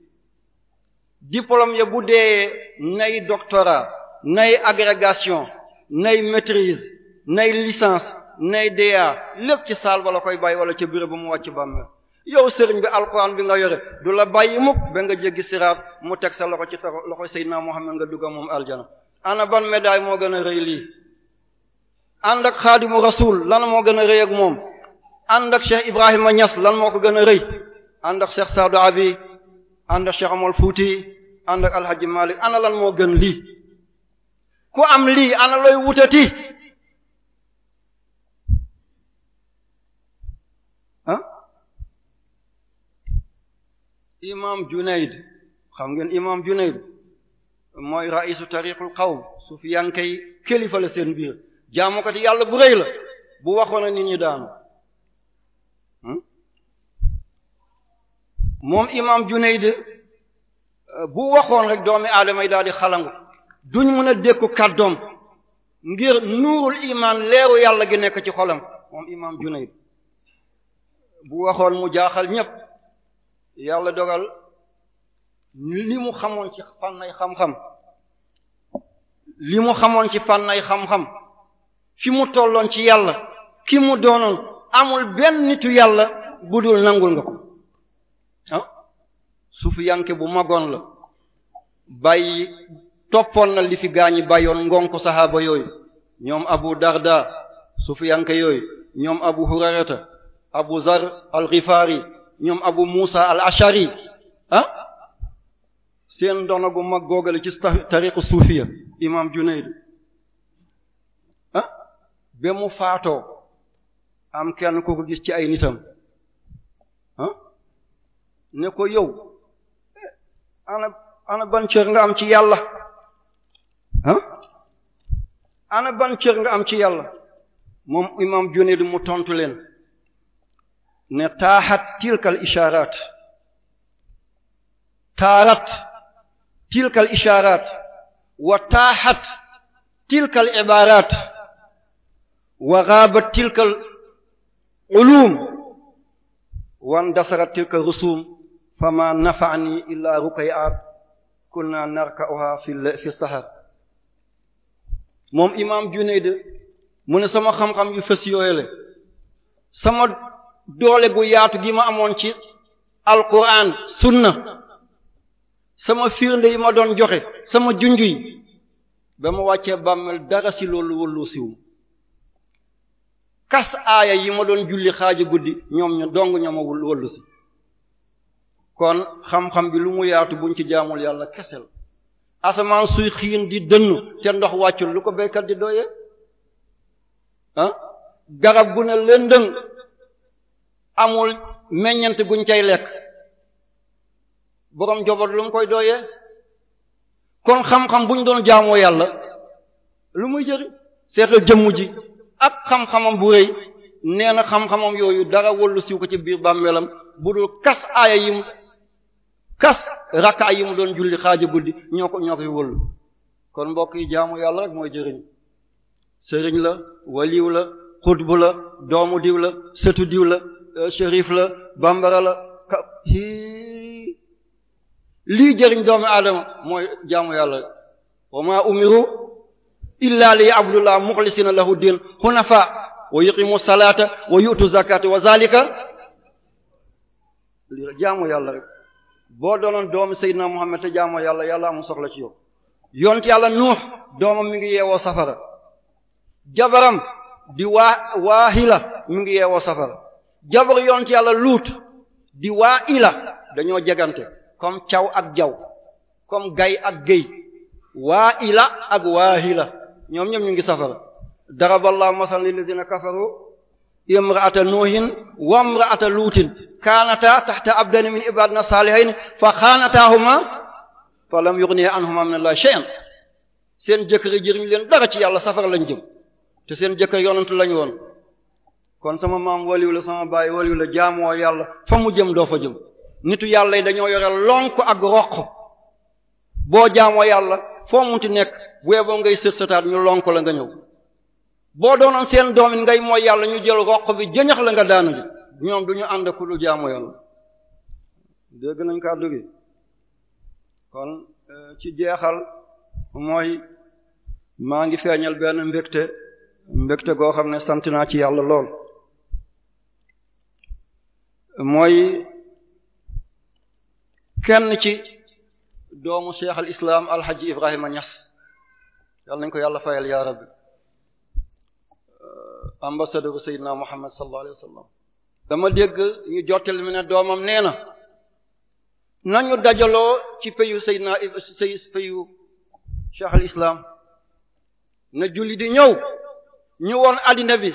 diplôme ya bu deeyee nay doctorat nay agrégation nay maîtrise nay licence nay DEA lépp ci saal ba la koy bay wala ca bureau ba mu wàcc bàmmeel yow sëriñ bi alquran bi nga yore du la bàyyi mukk ba nga jéggi siraat mu teg sa loxo ci loxo Seydina Muhammad nga dugga moom aljana ana ban médaille moo gën a rëy lii ànd ak xaadimu rasul lan moo gën a rëy moom ànd ak Cheikh Ibrahima Niass lan moo ko gën a rëy ànd ak Cheikh Sadou Abi ànd ak Cheikh Amol Fouti ànd ak Alhaji Malik ana lan moo gën lii ku am lii ana looy wutati ah imam Junayd xam ngeen imam Junayd mooy raisu tariqul qawm sufiyanke yi kilifa la seen biir jaamukati yàlla bu rëy la bu waxoon a nit ñi daanu moom imam Junayd euh, bu waxoon rek doomi aadama yi daal di xalangu duñ mën a dékku kàddoom ngir nuurul iman leeru yàlla gi nekk ci xolam moom imam Junayd bu waxoon mu jaaxal ñépp yàlla dogal li mu xamoon ci fànnay xam-xam li mu xamoon ci fànnay xam-xam fi mu tolloon ci yàlla ki mu doonoon amul benn nitu yàlla budul nangul nga ah sufiyanke bu magoon la bàyyi toppoon na li fi gaañi bàyyoon ngonk saxaaba yooyu ñoom abu darda sufiyanke yooyu ñoom abu hurayrata abu zar al-ghifari ñoom abu musa al-ashari ah seen dono gu mag googale ci tariqu suufiya imam junayd ah ba mu faatoo am kenn ku ko gis ci ay nitam ah. ne ko yow eh, ana ana ban cër nga am ci yàlla ah ana ban cër nga am ci yàlla moom imam Junayd mu tontu leen ne taaxat tilkal ishaaraat taarat tilkal ishaaraat wa taaxat tilkal ibaaraat wa gaabat tilkal ulum wan dasarat tilkal rusum fama nafaani illa ruqayat kulna narka'uha fi fi sahar moom imaam Junayd mu ne sama xam-xam yu fës yooyule sama doole gu yaatu gi ma amoon ci alquran sunna sama firnde yi ma doon joxe sama junj yi ba ma wàccee bàmmeel dara si loolu wëllu siwu kas aaya yi ma doon julli xaaji guddi ñoom ñu dong ñoo ma wëllu si kon xam-xam bi lu mu yaatu buñ ci jaamul yàlla kesel asamaan suy xiin di dënn te ndox wàccul lu ko béykat di doyee garab gu ne lëndëng amul meññent guñ cay lekk boroom jobot lu mu koy doyee kon xam-xam bu ñu doon jaamoo yàlla lu muy jëri seetal jëmm ji ak xam-xamam bu rëy nee na xam-xamam yooyu dara wallu siw ko ci biir bàmmeelam bu dul kas aaya yim kas rakka yi mu doon julli ko ñoo koy kon mbokk yi jaamu yàlla rek mooy jëriñ sëriñ la waliw la xutbu la doomu diw la sëtu diw la euh, shérif la bambara la ka lii jëriñ doomu aadama mooy jaamu yàlla rek wa maa umiru illa li abdullah muxlisina lahu din xunafa wa yuqimu salata wa yu'tu zakata wa zalika jaamu yàlla rek boo doonoon doom Seydina Muhammad te jaamoo yàlla yàlla amul soxla ci yow yonent yàlla nuux doomam mi ngi yeewoo safara jabaram di waa waahila mi ngi yeewoo safara jabar yonent yàlla luut di waa ila dañoo jegante comme caw ak jaw comme gay ak géy waa ila ak waa waahila ñoom ñoom ñu ngi safara daraballahu masalan lil ladina kafaru imra'ata nuuhin wa imra'ata luutin kaanataa tahta abdayni min ibaadina saalihayn fa xaanataahumaa fa lam yughniya anhumaa minallaahi shay'an seen jëkkër jëriñu leen dara ci yàlla safar lañ jëm te seen jëkkër yonentu lañ woon kon sama maam waliw sama baay waliw jaamoo yàlla fa mu jëm doo fa jëm nitu yàlla yi dañoo yore lonk ak roq boo jaamoo yàlla foo munti nekk bu yeboo ngay sët sëtaat ñu lonk la nga ñëw boo doonoon seen doomin ngay mooy yàlla ñu jël roq bi jëñax nga daanu ñoom du ñu ànd ku lu jaamu yàlla dégg nañ kàddu gi kon euh, ci jeexal mooy maa ngi feeñal benn mbégte mbégte goo xam ne sant naa ci yàlla lool mooy kenn ci doomu cheikh al islam alhaji ibrahima ñas yàlla nañ ko yàlla fayal yaa rabbi ambassadeur bu Seydina Muhammad sallallahu wa sallam dama dégg ñu jottali mi ne doomam nee na nañu dajaloo ci peyu Seydina say peyu Cheikh al Islam na julli di ñëw ñu woon addina bi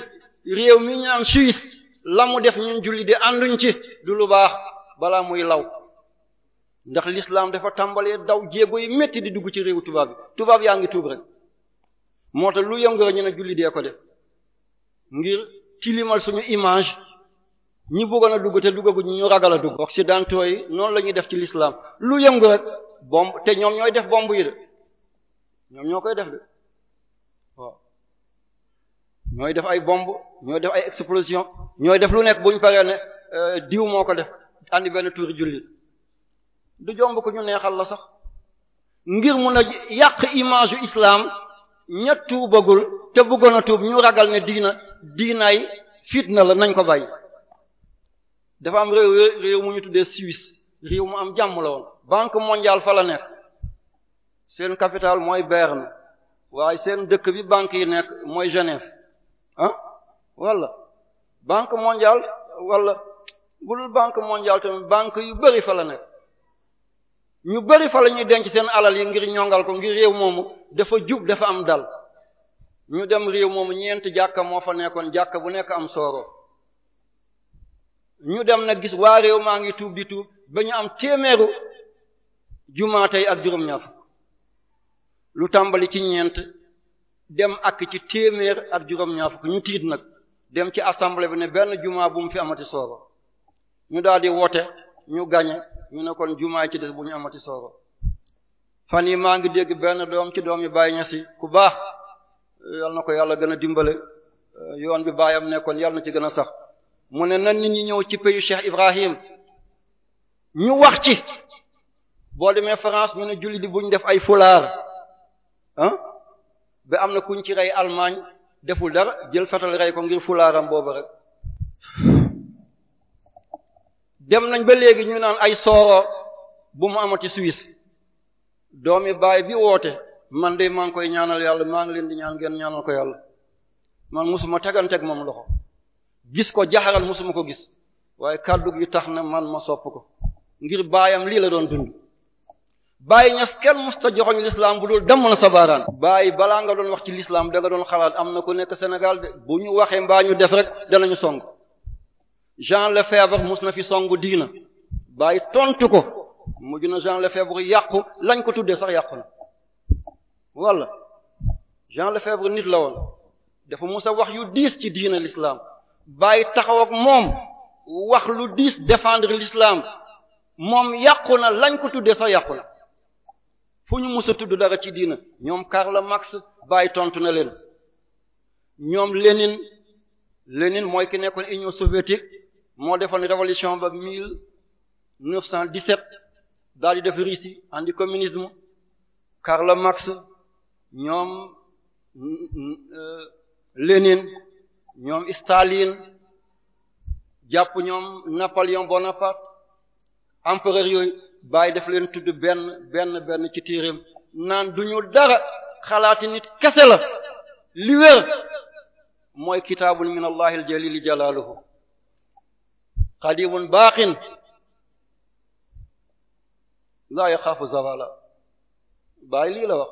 réew mi ñu naan Suisse la mu def ñun julli di ànduñ ci du lu baax balaa muy law ndax l'islam dafa tàmbalee daw jéego yi metti di dugg ci réew tubaab bi tubaab yaa ngi tuub rek moo tax lu yëngu rek ñu ne julli dee ko def ngir tilimal suñu image ñi bëggoon a dugg te duggaguñ ñu ragal a dugg. occidentaux yi noonu la ñuy def ci l'islam lu yëngu rek bomb te ñoom ñooy def bomb yi de ñoom ñoo koy def de waaw ñooy def ay bomb ñooy def ay explosion ñooy def lu nekk bu ñu paree ne euh, diw moo ko def andi benn tuuri julli du jomb ko ñu neexal la sax ngir mun a yàq image yu islam. ña tuubagul te bëggoon a tuub ñu ragal ne diina diinaay fitna la nañ ko bay dafa am réew réew mu ñu tuddee Suisse réew mu am jàmm la woon banque mondiale fa la nekk seen capital mooy Berne waaye seen dëkk bi banque yi nekk mooy Genève ah walla banque mondiale walla budul banque mondiale tamit banque yu bari fa la nekk ñu bari fa la ñuy denc seen alal yi ngir ñongal ko ngir réew moomu dafa jub dafa am dal ñu dem réew moomu ñeenti jàkka moo fa nekkoon jàkka bu nekk am sooro ñu dem na gis waa réew maa ngi tuub di tuub ba ñu am téeméeru jumaa tey ak juróom-ñaar lu tàmbali ci ñeent dem ak ci téeméer ak juróom-ñaar fukk ñu tiit nag dem ci assemblée bi ne benn jumaa bu mu fi amati sooro ñu daal di woote ñu gañe ñu ne kon jumaa ci des bu ñu amati sooro fan yi maa ngi dégg benn doom ci doom yi bàyyi ña si ku baax yal na ko yàlla gën a dimbale euh, yoon bi baayam nekkoon yàlla na ci gën a sax mu ne nan nit ñi ñëw ci pays Cheikh Ibrahim ñu wax ci boo demee France ñu ne julli di buñ def ay fulaar ah am na kuñ ci rey Allemagne deful dara jël fetal rey ko ngir fulaaram boobu rek dem nañ ba léegi ñu naan ay sooro bu mu amati Suisse doomi baay bi woote man de maa ngi koy ñaanal yàlla maa ngi leen di ñaan ngeen ñaanal ko yàlla man musuma teganteeg moom loxo gis ko jaxaral musuma ko gis waaye kàddu gi tax na man ma sopp ko ngir baayam lii la doon dund bàyyi ñas kenn musta joxoñ l'islam bu dul demm na sa baaraan bàyyi balaa nga doon wax ci lislaam da doon xalaat am na ku nekk Sénégal de bu ñu waxee mbaa ñu def rek danañu song Jean Lefebvre mus na fi songu diina bàyyi tontu ko mujj na Jean Lefebvre yàqu lañ ko tuddee sax yàqu na walla Jean Lefebvre nit la woon dafa mus a wax yu diis ci diina lislaam bàyyi taxaw moom wax lu diis défendre lislaam moom yàqu na lañ ko tuddee sax yàqu na fu ñu mus a tudd dara ci diina ñoom la Marx bàyyi tontu na leen ñoom Lénine Lénine mooy ki nekkoon Union soviétique moo defoon révolution ba mille neuf cent dix daal di def Russie andi communisme Karl Marx ñoom euh, Lénine ñoom Staline jàpp ñoom Napoléon Bonaparte empereur yooyu bàyyi def leen tudd benn benn benn ci téereem naan duñu dara xalaati nit kese la li wér mooy kitaabun min allahil jalili jalaluhu qadimun baaqin laa yaxaafu zawala bàyyi lii la wax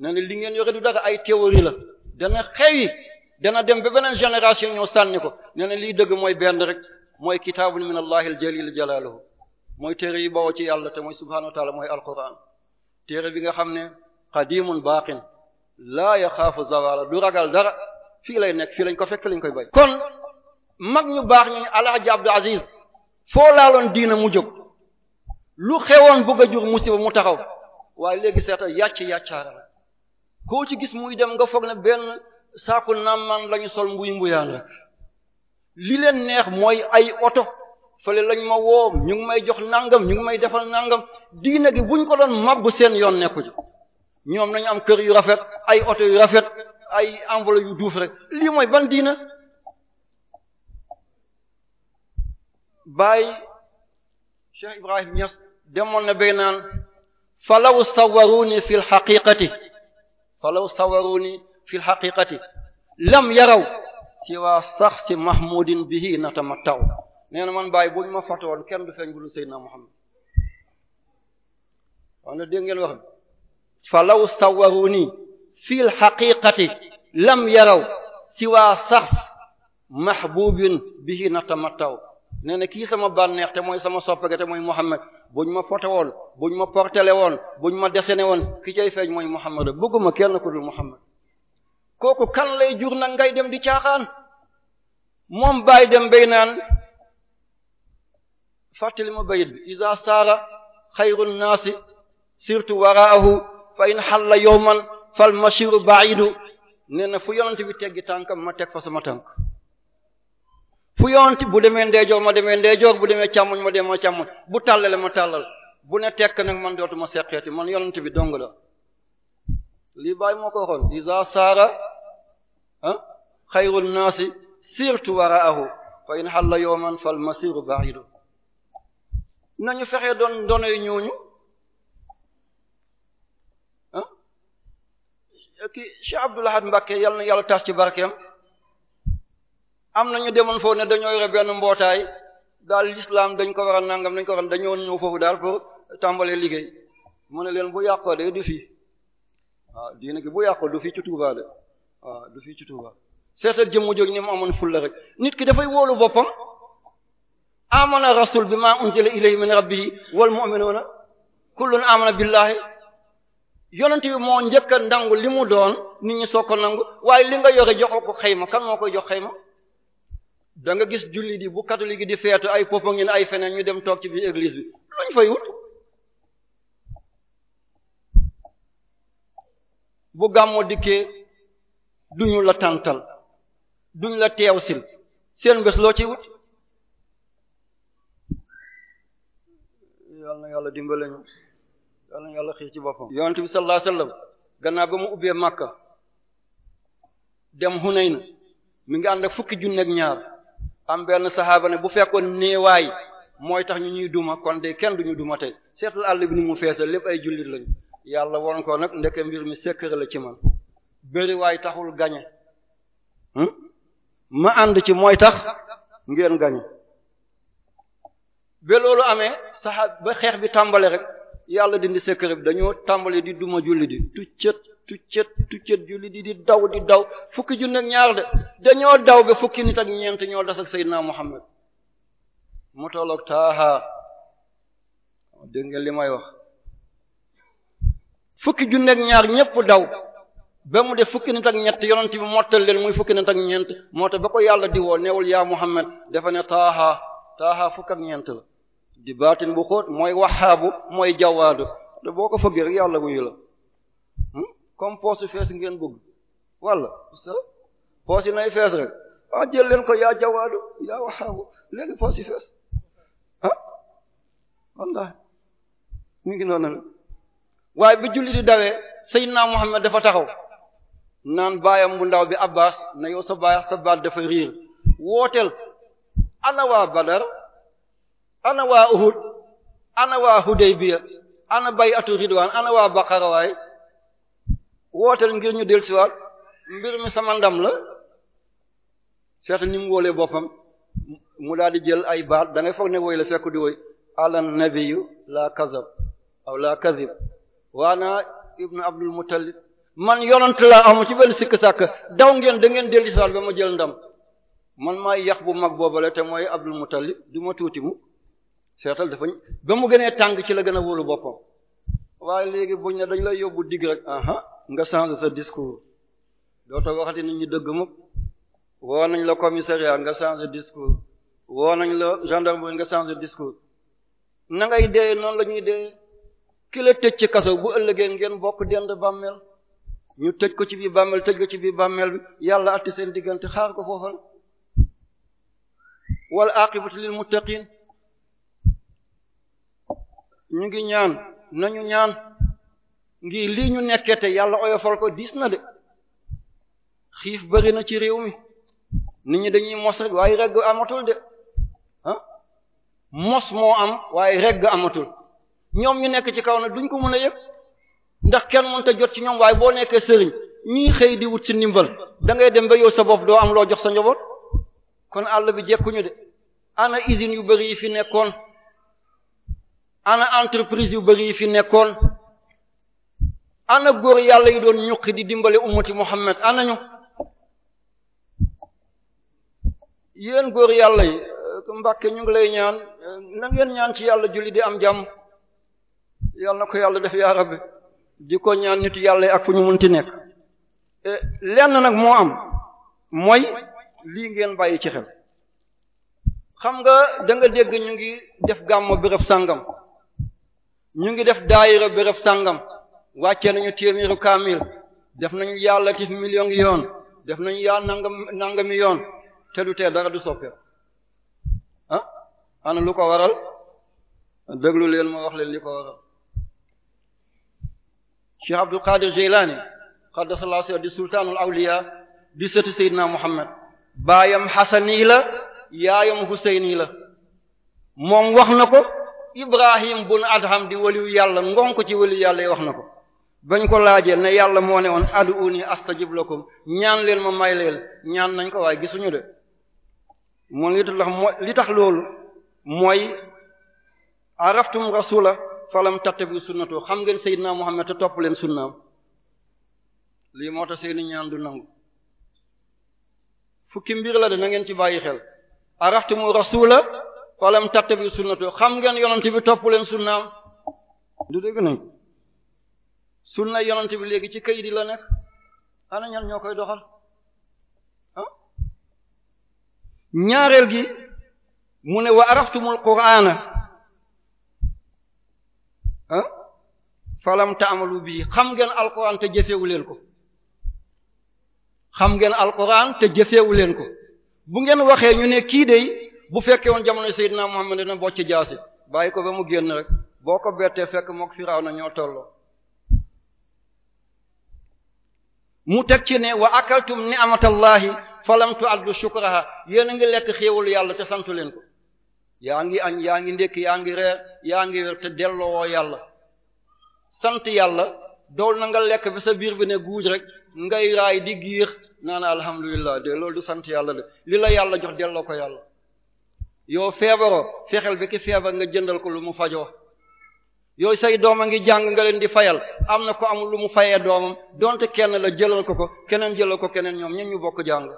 ne ne li ngeen yore du dara ay théorie la dana xewi dana dem ba beneen génération ñoo sànni ko nee na lii dëgg mooy benn rek mooy kitaabun min allahi al jalil jalaaluhu mooy téere yi bawoo ci yàlla te mooy subhaanahu wa taala mooy alquran téere bi nga xam ne qadimun baaqin la yaxaafu zawala du ragal dara fii lay nekk fii lañ ko fekk lañ koy bay mag ñu baax ñu alhaji Abdou Aziz foo laaloon diina mu jóg lu xewoon bëgg a jur musiba mu taxaw waaye léegi seetal yàcc yàccaara la koo ci gis muy dem nga foog ne benn saaku namman lañu sol mbuy mbuyaan rek li leen neex mooy ay oto fale lañ ma woo ñu ngi may jox nangam ñu ngi may defal nangam diina gi buñ ko doon mabbu seen yoon nekku ji ñoom nañu am kër yu rafet ay oto yu rafet ay enveloppe yu duuf rek lii mooy ban diina baay Cheikh Ibrahim Niass demoon na bay naan falaw sawaruni fi lxaqiqati falaw sawaruni fi lxaqiqati lam yaraw siwa sax si mahmudin bihi natamattaw nee na man baay bu ñu ma fatoon kenn du feeñ bu dul Seydina Muhammad wax na dégg ngeen wax lam yaraw siwa sax mahbubin bihi natamattaw nee na kii sama bànneex sa mooy sama soppege te mooy Muhammad buñ ma foté woon buñ ma portélé woon buñ ma dessiné woon ki cay feeñ mooy Muhammad bëgguma kenn ku lu Muhammad kooku kan lay jur na ngay dem di caaxaan moom bàyyi dem bay naan fàttali ma bayit bi isa saara xayru naasi surtout waraahu fa in xalla yowman fal mashiru baidu nee na fu yonent bi teggi tànkam ma teg fa sama tànk fu yonti bu demee ndeejoor ma demee ndeejoor bu demee càmmoñ ma demee càmmoñ bu tàllale ma tàllal bu ne tekk nag man dootuma seqeeti man yonent bi dong la lii bàyyi moo ko waxoon isa saara ah xayrul naasi sirtu waraahu fa in xalla yawman fal masiru ba'idu nañu fexee doon doonay ñooñu ah ki Cheikh Abdoul Ahad Mbacké yal tas ci barkeem am nañu ñu demoon foofu ne dañoo yore benn mbootaay daal l'islam dañ ko war a nangam dañ ko war a dañoo ñëw foofu daal pour tàmbalee liggéey mu ne leen bu yàqoo de du fi waaw diine gi bu yàqoo du fi ci Touba de waaw du fi ci Touba seetal jëmmu jóg ni mu amoon fulla rek nit ki dafay wóolu boppam amana rasul bi ma unzila ilayhi min rabbihi wal mu'minuna kullun amana billahi yonent bi moo njëkk a ndangu li mu doon nit ñi soog ko nangu waaye li nga yore joxoo ko kan moo koy jox xayma da nga gis jullit yi bu katolik di feetu ay Popenguine ay feneen ñu dem toog ci biir église bi luñ fay wut bu gàmmoo dikkee duñu la tàntal duñ la teew sil seen bés loo ci wut yal na yàlla dimbale ñu yàlla xii ci boppam yonent bi sallallahu alayhi wasallam gannaaw ba mu ubbee Makka dem Hunayn mi ngi ànd ak fukki junneeg ñaar am benn saxaaba ne bu fekkoon néewaay mooy tax ñu ñuy duma kon de kenn duñu duma tey seetal àll bi ni mu feesal lépp ay jullit lañu yàlla woon ko nag ndeke mbir mi sekkëra la ci man bëriwaay taxul gañe ma ànd ci mooy tax ngeen gañe ba loolu amee saxaab ba xeex bi tàmbale rek yàlla dindi sekkëra bi dañoo tàmbale di duma jullit di tuccët tuccët tuccët julli di di daw di daw fukki junne ak ñaar de dañoo daw ba fukki nit ak ñeent ñoo des ak Seydina Muhammad mu tolloog taaha dégg li may wax fukki junne ak ñaar ñëpp daw ba mu de fukki nit ak ñett yonent bi mottal leen muy fukki nit ak ñeent moo tax ba ko yàlla di woo newul yaa Muhammad dafa ne taaha taaha fukk ak ñeent la di baatin bu xóot mooy waxaabu mooy jawaadu te boo ko fëggee rek yàlla wuyu la hmm? comme poos yu fees ngeen bëgg walla sa yi nay fees rek ah jël leen ko yaa jawaadu yaa waxaabu léegi poos fees ah wallahi mi ngi noonu la waaye bi julli di dawee Seydina Muhammad dafa taxaw naan baayam bu ndaw bi Abbas na yow sa baay sa baat dafa riir wooteel ana waa Badar ana waa Uhud ana waa Hudaybiya ana bay atu Ridwaan ana waa Baqara wootel ngir ñu dellusiwaat mbir mi sama ndam la seeta ni mu wóolee boppam mu daal di jël ay baat da ngay foog ne woy la fekk di woy alan nabiyyu la kazab aw la kazib waana ibnu abdul muttalib man yonent la amu ci benn sikk sàkk daw ngeen da ngeen dellusiwaat ba ma jël ndam man maay yàq bu mag boobale te mooy abdul muttalib du ma tuuti mu seetal dafa ba mu gënee tàng ci la gën a wóolu boppam waaye léegi buñ ne dañ lay yóbbu digg rek nga changer sa discours dootoo waxati nit ñu dëgg mukk woo nañ la commissariat nga changer discours woo nañ la gendarmerie nga changer discours na ngay dee noonu la ñuy dee ki la ci kaso bu ëllëgee ngeen bokk dend bàmmeel ñu tëj ko ci biir bàmmeel tëj ko ci biir bàmmeel bi yàlla atti seen diggante xaar ko foofal wal aqibatu lil muttaqin ñu ngi ñaan nañu ñaan ngir lii ñu nekkee te yàlla oyofal ko diis na de xiif bëri na ci réew mi nit ñi dañuy mos rek waaye regg amatul de ah? mos moo am waaye regg amatul ñoom ñu nekk ci kaw na duñ ko mën a yëg ndax kenn te jot ci ñoom waaye boo nekkee sëriñ ñii xëy diwut wut ci ndimbal da ngay dem ba yow sa bopp doo am loo jox sa njaboot kon àll bi jekkuñu de ana usines yu bari yi fi nekkoon ana entreprise yu bari yi fi nekkoon ana góor yàlla yi doon ñuqi di dimbale ummati muhammad anañu yéen góor yàlla yi eh, mbàkke ñu ngi lay ñaan eh, nangeen ñaan ci yàlla julli di am jàmm yàlla na ko yàlla def yaa rabbi di ko ñaan nit yàlla yi ak fu ñu munti nekk eh, lenn nag moo am mooy lii ngeen bàyyi ci xel xam nga da nga dégg ñu ngi def gàmmo béréb sàngam ñu ngi def daayira béréb sàngam wàcce nañu téeméeru kaamil def nañu yàlla tif million yoon def nañu yàlla nangam nangami yoon te du tee dara du soppe ah lu ko waral déglu leen moo wax leen li ko waral Cheikh Abdul Qadir Jilani qaddasallahu sirr di sultaanul awliya di sëtu Seydina Muhammad baayam xasani la yaayam huseyni la moom wax na ko Ibrahim bun Adham di waliwu yàlla ngon ko ci waliwu yàlla yi wax na ko bañ ko laajee na yàlla moo ne woon ad'uuni astajib lakum ñaan leen ma may leen ñaan nañ ko waaye gisuñu de moo li tax li tax loolu mooy araftum rasula falam tattabi sunnatu xam ngeen seydina Muhammad te topp leen sunnaam lii moo tax seeni ñaan du nangu fukki mbir la de na ngeen ci bàyyi xel araftumu rasula falam tattabi sunnatu xam ngeen yonent bi topp leen sunnaam du dégg nañ su sunna yonent bi léegi ci kayit yi la nekk ana ñan ñoo koy doxal ñaareel gi mu ne wa araftumul qur'ana ah falam taamalu bii xam ngeen alquran te jëfeewu leen ko xam ngeen alquran te jëfeewu leen ko bu ngeen waxee ñu ne kii dey bu fekkee woon jamono Seydina Muhammad dina bocc jaasi bàyyi ko ba mu génn rek boo ko bettee fekk mook na ñoo tolloo mu teg ci ne wa akaltum ni'matallahi falam tu'addu shukraha yéen a ngi lekk xéewalu yàlla te santu leen ko yaa ngi añ yaa ngi ndékki yaa ngi reer yaa ngi wér te delloo yàlla sant yàlla doo na nga lekk ba sa biir bi ne guuj rek ngay raay di giir naa na alhamdulilah de loolu du sant yàlla de li yàlla jox delloo ko yàlla yow feebaroo fexeel bi ki feebar nga jëndal ko lu mu fajoo yooyu say doom a ngi jàng nga leen di fayal am na ko amul lu mu fayee doomam donte kenn la jëlal ko ko keneen jëlal ko keneen ñoom ñun ñu bokk jàng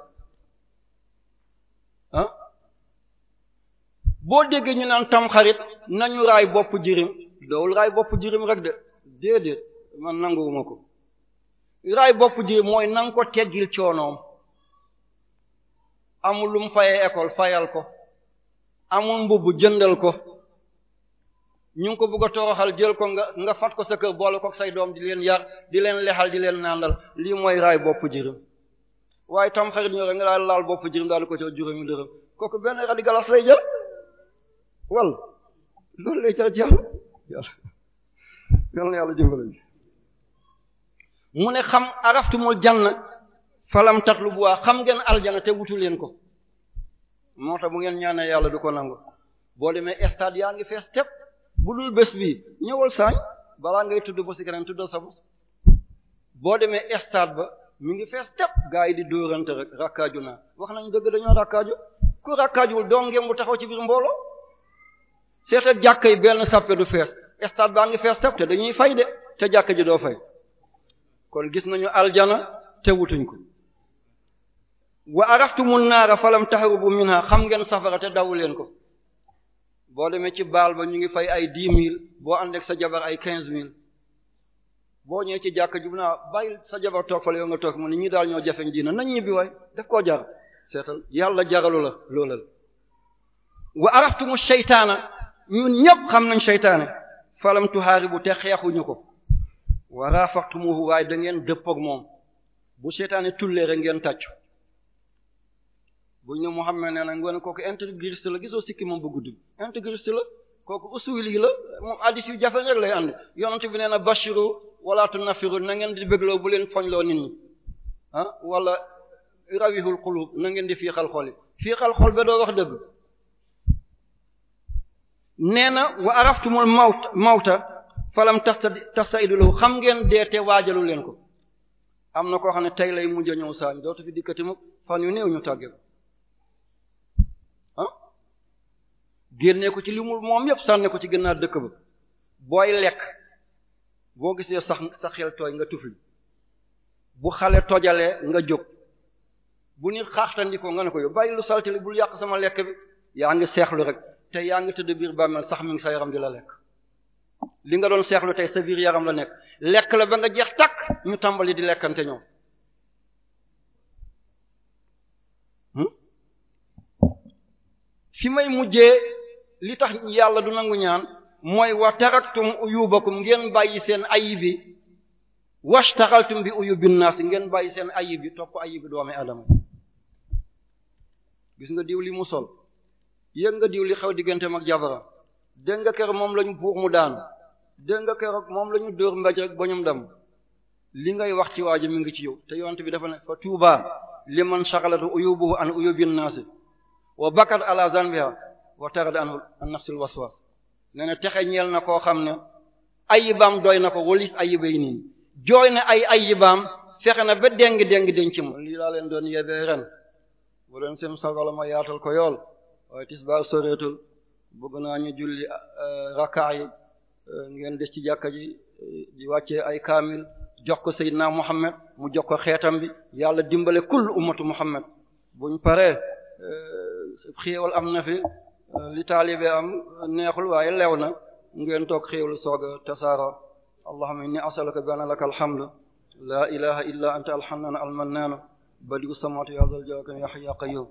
ah boo déggee ñu naan tamxarit nañu raay bopp jirim doowul raay bopp jirim rek de déedéet man nanguwuma ko ray bopp jirim mooy nang ko teggil coonoom amul lu mu fayee école fayal ko amul mbubb jëndal ko ñu ngi ko bëgg a toroxal jël ko nga nga fat ko sa kër boole ko say doom di leen yar di leen lexal di leen naandal lii mooy raay bopp jërëm waaye tam xarit ñoo rek nga daal laal bopp jërëm daal di ko ci juróomi dërëm kooku benn radigalas lay jël wal loolu lay jar ci yàlla yàlla yàlla na yàlla jëmbale bi mu ne xam araftumul janna falam tatlubuha xam ngeen jana te wutu leen ko moo tax bu ngeen ñaanee yàlla du ko nangu boo demee stade yaa ngi fees tepp bu dul bés bi ñëwal saañ balaa ngay tudd ba si keneen tuddal sa bos boo demee stade ba mi ngi fees tepp gaa yi di dóorante rek rakkaaju naa wax nañ dëgg dañoo rakkaaju ku rakkaajuwul doo ngeen bu taxaw ci biir mbooloo seeta jàkka yi benn sàppe du fees stade baa ngi fees tepp te dañuy fay de te jàkka ji doo fay kon gis nañu aljana te wutuñ ko wa araftumun naara falam tahrubu minha xam ngeen safara te dawu leen ko boo demee ci baal ba ñu ngi fay ay dix mille boo ànd sa jabar ay quinze mille boo ñëwee ci jàkk ji naa bàyyil sa jabar toog fa la yow nga toog mu ne ñii daal ñoo jafeñ diina nañ ñibbi waay daf koo jar seetal yàlla jaralu la loolal wa araftumu seytaana ñun ñëpp xam nañ seytaane falam bu te xeexuñu ko wa raafaqtumuhu waaye da ngeen dëppook moom bu seytaane tullee rek ngeen tàccu buñ xam Muhammad nee na nga ne kooku intégriste la gisoo sikki moom bu gudd bi intégriste la kooku usuli la moom addis yu jafe rek lay ànd yonent bi nee na bashiru wala tunafiru na ngeen di bégloo bu leen foñloo nit ñi ah wala rawihul qulub na ngeen di fiixal xol yi fiixal xol ba doo wax dëgg nee na wa araftumul mawt mawta falam tasta tastaidu lahu xam ngeen deete waajalu leen ko am na koo xam ne tey lay mujj a ñëw saañ dootu fi dikkati mukk fan yu génne ko ci li mu moom yëpp sànne ko ci gën gannaaw dëkk ba booy lekk boo gisee sax sa xel tooy nga tufli bu xale tojalee nga jóg bu ni xaaxtandikoo nga ne ko yow bàyyi lu saltali bul yàq sama lekk bi yaa ngi seexlu rek te yaa ngi tëdd biir bàmmeel sax mi ngi sa yaram di la lekk li nga doon seexlu tey sa biir yaram la nekk lekk la ba nga jeex takk ñu tàmbali di lekkante ñoom hmm? fi may mujjee li tax yàlla du nangu ñaan mooy wa taraktum uyubakum ngeen bàyyi seen ayib yi washtaxaltum bi uyubin naas ngeen bàyyi seen ayib yi topp ayib yi doomi adama gis nga diw li mu sol yëg nga diw li xew digganteem ak jabaram dégg nga keroog moom lañu buux mu daan dégg nga keroog moom lañu dóor mbéj rek ba ñum dem li ngay wax ci waajo mu ngi ci yow te yonent bi dafa ne fa tuuba liman shaghalat uyubuhu an uyubin naas wa bakat ala zanbiha waxtarada anhu an nafsul waswas nee na texe ñeel na koo xam ne ayibaam doy na ko walis ayibay nii jooy na ay ayibaam fexe na ba deng deng denc ma lii laa leen doon yebee ren bu leen seen sagala ma yaatal ko yool waaye tisbaar soreetul bëgg naa ñu julli eh, rakkaa eh, ngeen des ci jàkka ji eh, di wàccee ay kaamil jox ko Seydina Muhammad mu jox ko xeetam bi yàlla dimbale kull ummatu Muhammad buñ paree xéewal am na fi Euh, li taalibe am euh, neexul waaye lew na ngeen toog xéewlu soog a tasaara allahumma inni as'aluka bi anna laka alhamdu la ilaha illa anta alhannan almannan badi'u samawati ya zal jalali ya hayyu ya qayyum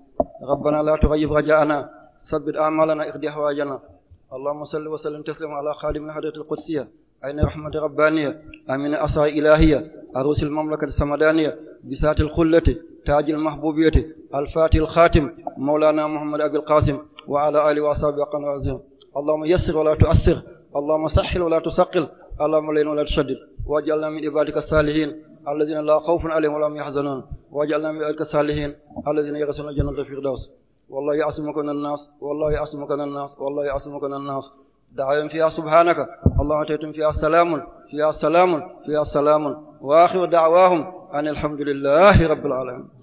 rabbana la tughayyib raja'ana sabbit a'malana iqdi hawajana allahumma salli wa sallim taslima ala khadimil hadratil qudsiyya ayna rahmati rabbaniyya amina asra ilahiyya arusil mamlakati samadaniyya bisatil khullati tajil mahbubiyyati al fatihil khatim mawlana muhammad abil qasim wa ala alihi wa ashabihi wa qana azim allahumma yassir wa la tu'assir allahumma sahhil wa la tusaqqil allahumma layyin wa la tushaddid waj'alna min ibadika salihin alladhina la khawfun alayhim wa la hum yahzanun waj'alna min ibadika salihin alladhina yarithuna jannata firdaws wallahu ya'simuka minan nas wallahu ya'simuka minan nas wallahu ya'simuka minan nas da'awahum fiha subhanaka allahumma ta'tum fiha salamun fiha salamun fiha salamun wa akhiru da'wahum anil hamdulillahi rabbil alamin